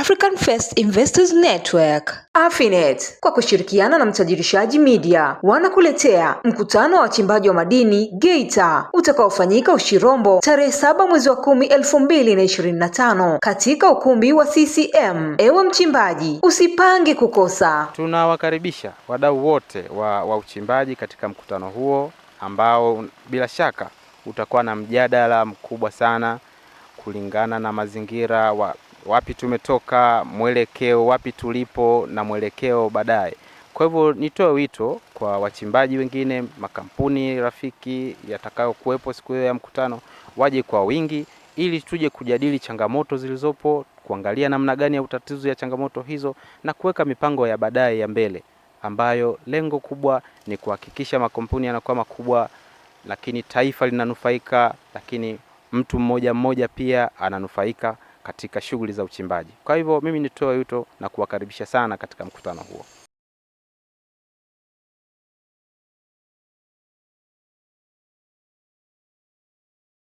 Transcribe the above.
African First Investors Network Afinet kwa kushirikiana na Mtajirishaji Media wanakuletea mkutano wa wachimbaji wa madini Geita utakaofanyika Ushirombo tarehe saba mwezi wa kumi elfu mbili na ishirini na tano katika ukumbi wa CCM. Ewe mchimbaji, usipange kukosa. Tunawakaribisha wadau wote wa, wa uchimbaji katika mkutano huo ambao bila shaka utakuwa na mjadala mkubwa sana kulingana na mazingira wa wapi tumetoka, mwelekeo wapi tulipo na mwelekeo baadaye. Kwa hivyo nitoe wito kwa wachimbaji wengine, makampuni rafiki yatakayokuwepo siku hiyo ya mkutano, waje kwa wingi ili tuje kujadili changamoto zilizopo, kuangalia namna gani ya utatuzi ya changamoto hizo na kuweka mipango ya baadaye ya mbele, ambayo lengo kubwa ni kuhakikisha makampuni yanakuwa makubwa, lakini taifa linanufaika, lakini mtu mmoja mmoja pia ananufaika katika shughuli za uchimbaji. Kwa hivyo mimi nitoe wito na kuwakaribisha sana katika mkutano huo.